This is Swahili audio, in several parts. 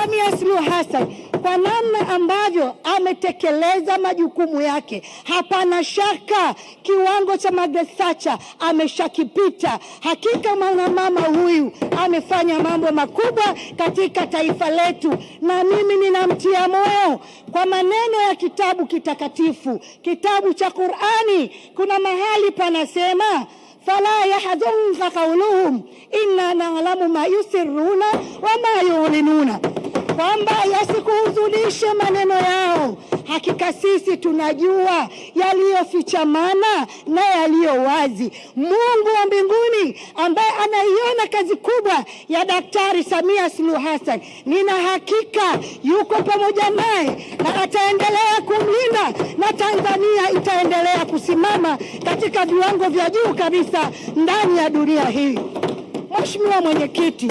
Samia Suluhu Hassan kwa namna ambavyo ametekeleza majukumu yake, hapana shaka kiwango cha Magasacha ameshakipita. Hakika mwanamama huyu amefanya mambo makubwa katika taifa letu, na mimi ninamtia moyo kwa maneno ya kitabu kitakatifu, kitabu cha Qur'ani. Kuna mahali panasema fala yahzunka qauluhum inna na'lamu ma yusirruna wa ma yulinuna kwamba yasikuhuzunishe maneno yao, hakika sisi tunajua yaliyofichamana na yaliyo wazi. Mungu wa mbinguni ambaye anaiona kazi kubwa ya Daktari Samia Suluhu Hassan, nina hakika yuko pamoja naye na ataendelea kumlinda, na Tanzania itaendelea kusimama katika viwango vya juu kabisa ndani ya dunia hii. Mheshimiwa Mwenyekiti,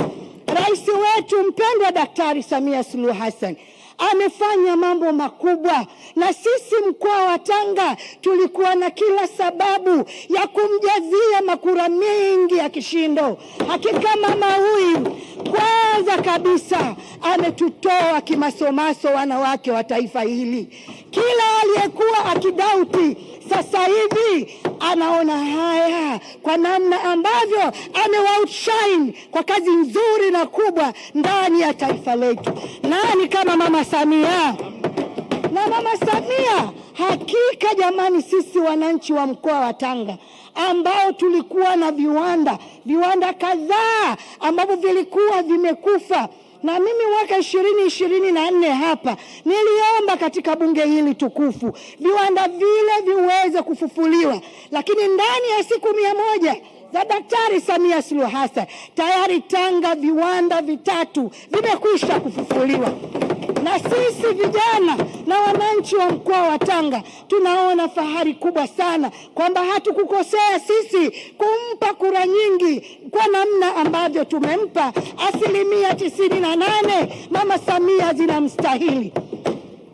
Rais wetu mpendwa Daktari Samia Suluhu Hassan amefanya mambo makubwa, na sisi mkoa wa Tanga tulikuwa na kila sababu ya kumjazia makura mengi ya kishindo. Hakika mama huyu kwanza kabisa ametutoa kimasomaso wanawake wa taifa hili. Kila aliyekuwa akidauti sasa hivi anaona haya kwa namna ambavyo amewa kwa kazi nzuri na kubwa ndani ya taifa letu. Nani kama mama Samia na mama Samia. Hakika jamani, sisi wananchi wa mkoa wa Tanga ambao tulikuwa na viwanda viwanda kadhaa ambavyo vilikuwa vimekufa na mimi mwaka ishirini ishirini na nne hapa niliomba katika bunge hili tukufu viwanda vile viweze kufufuliwa, lakini ndani ya siku mia moja za Daktari Samia Suluhu Hassan tayari Tanga viwanda vitatu vimekwisha kufufuliwa na sisi vijana na wananchi wa mkoa wa Tanga tunaona fahari kubwa sana kwamba hatukukosea sisi kumpa kura nyingi kwa namna ambavyo tumempa. Asilimia tisini na nane Mama Samia zinamstahili.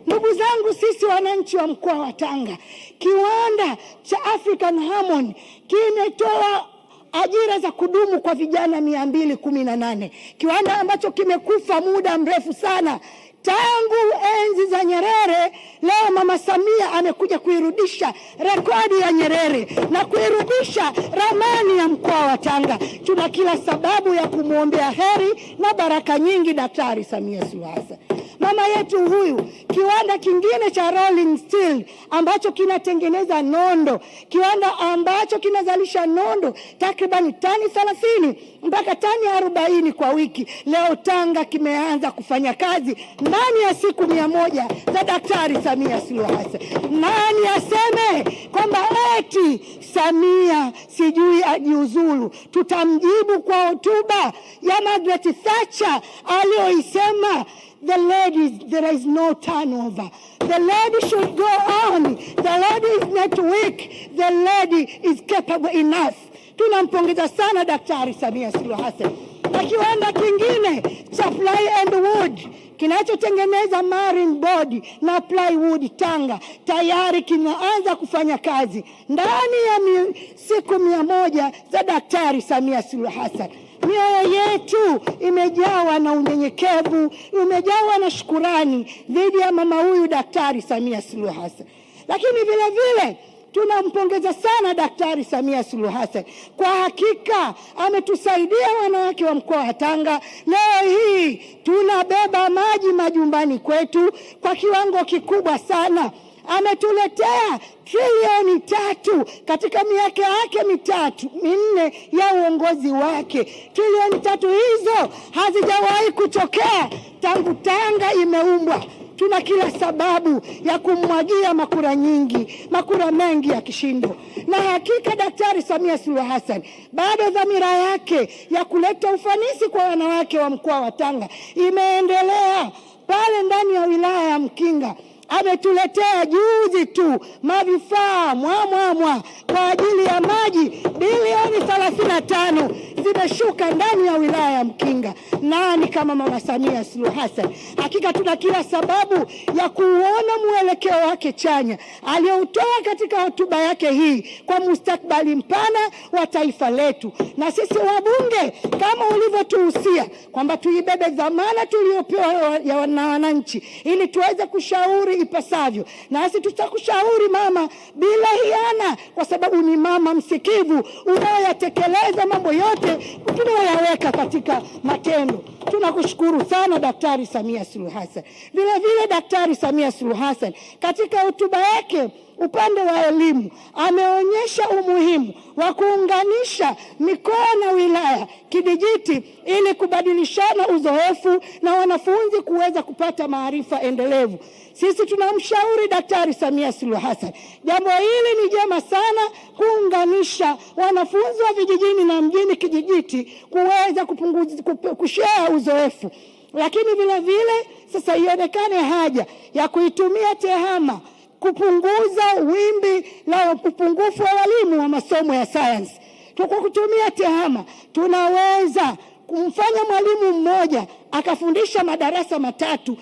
Ndugu zangu, sisi wananchi wa mkoa wa Tanga, kiwanda cha African Harmony kimetoa ajira za kudumu kwa vijana mia mbili kumi na nane kiwanda ambacho kimekufa muda mrefu sana tangu enzi za Nyerere. Leo Mama Samia amekuja kuirudisha rekodi ya Nyerere na kuirudisha ramani ya mkoa wa Tanga. Tuna kila sababu ya kumwombea heri na baraka nyingi Daktari Samia Suluhu Hassan mama yetu huyu, kiwanda kingine cha rolling steel ambacho kinatengeneza nondo, kiwanda ambacho kinazalisha nondo takribani tani 30 mpaka tani 40 kwa wiki, leo Tanga kimeanza kufanya kazi ndani ya siku mia moja za Daktari Samia Suluhu Hassan. Nani aseme kwamba eti Samia sijui ajiuzulu? Tutamjibu kwa hotuba ya Margaret Thatcher aliyoisema the ladies, there is no turnover. The lady should go on. The lady is not weak. The lady is capable enough. Tunampongeza sana Daktari Samia Suluhu Hassan. Na kiwanda kingine cha ply and wood kinachotengeneza marine board na plywood Tanga tayari kinaanza kufanya kazi ndani ya mi, siku mia moja za Daktari Samia Suluhu Hassan. Mioyo yetu imejawa na unyenyekevu, imejawa na shukurani dhidi ya mama huyu Daktari Samia Suluhu Hassan, lakini vile vile tunampongeza sana Daktari Samia Suluhu Hassan. Kwa hakika ametusaidia wanawake wa mkoa wa Tanga. Leo hii tunabeba maji majumbani kwetu kwa kiwango kikubwa sana ametuletea trilioni tatu katika miaka yake mitatu minne ya uongozi wake. Trilioni tatu hizo hazijawahi kutokea tangu Tanga imeumbwa. Tuna kila sababu ya kumwagia makura nyingi, makura mengi ya kishindo, na hakika Daktari Samia Suluhu Hassan bado dhamira yake ya kuleta ufanisi kwa wanawake wa mkoa wa Tanga imeendelea pale ndani ya wilaya ya Mkinga ametuletea juzi tu mavifaa mwamwamwa kwa ajili ya maji bilioni tano zimeshuka ndani ya wilaya ya Mkinga. Nani kama Mama Samia Suluhu Hassan? Hakika tuna kila sababu ya kuuona mwelekeo wake chanya aliyoutoa katika hotuba yake hii kwa mustakbali mpana wa taifa letu, na sisi wabunge kama ulivyotuhusia kwamba tuibebe dhamana tuliyopewa na wananchi ili tuweze kushauri kushauri ipasavyo, nasi tutakushauri mama, bila hiana, kwa sababu ni mama msikivu unayoyatekeleza mambo yote tunayoyaweka katika matendo. Tunakushukuru sana Daktari Samia Suluhu Hassan. Vilevile Daktari Samia Suluhu Hassan katika hotuba yake upande wa elimu, ameonyesha umuhimu wa kuunganisha mikoa na wilaya kidijiti ili kubadilishana uzoefu na wanafunzi kuweza kupata maarifa endelevu. Sisi tunamshauri Daktari Samia Suluhu Hassan, jambo hili ni jema sana kuunganisha wanafunzi wa vijijini na mjini kijijiti kuweza kupunguza kushare uzoefu, lakini vilevile sasa ionekane haja ya kuitumia TEHAMA kupunguza wimbi la upungufu wa walimu wa masomo ya sayansi. Kwa kutumia TEHAMA tunaweza kumfanya mwalimu mmoja akafundisha madarasa matatu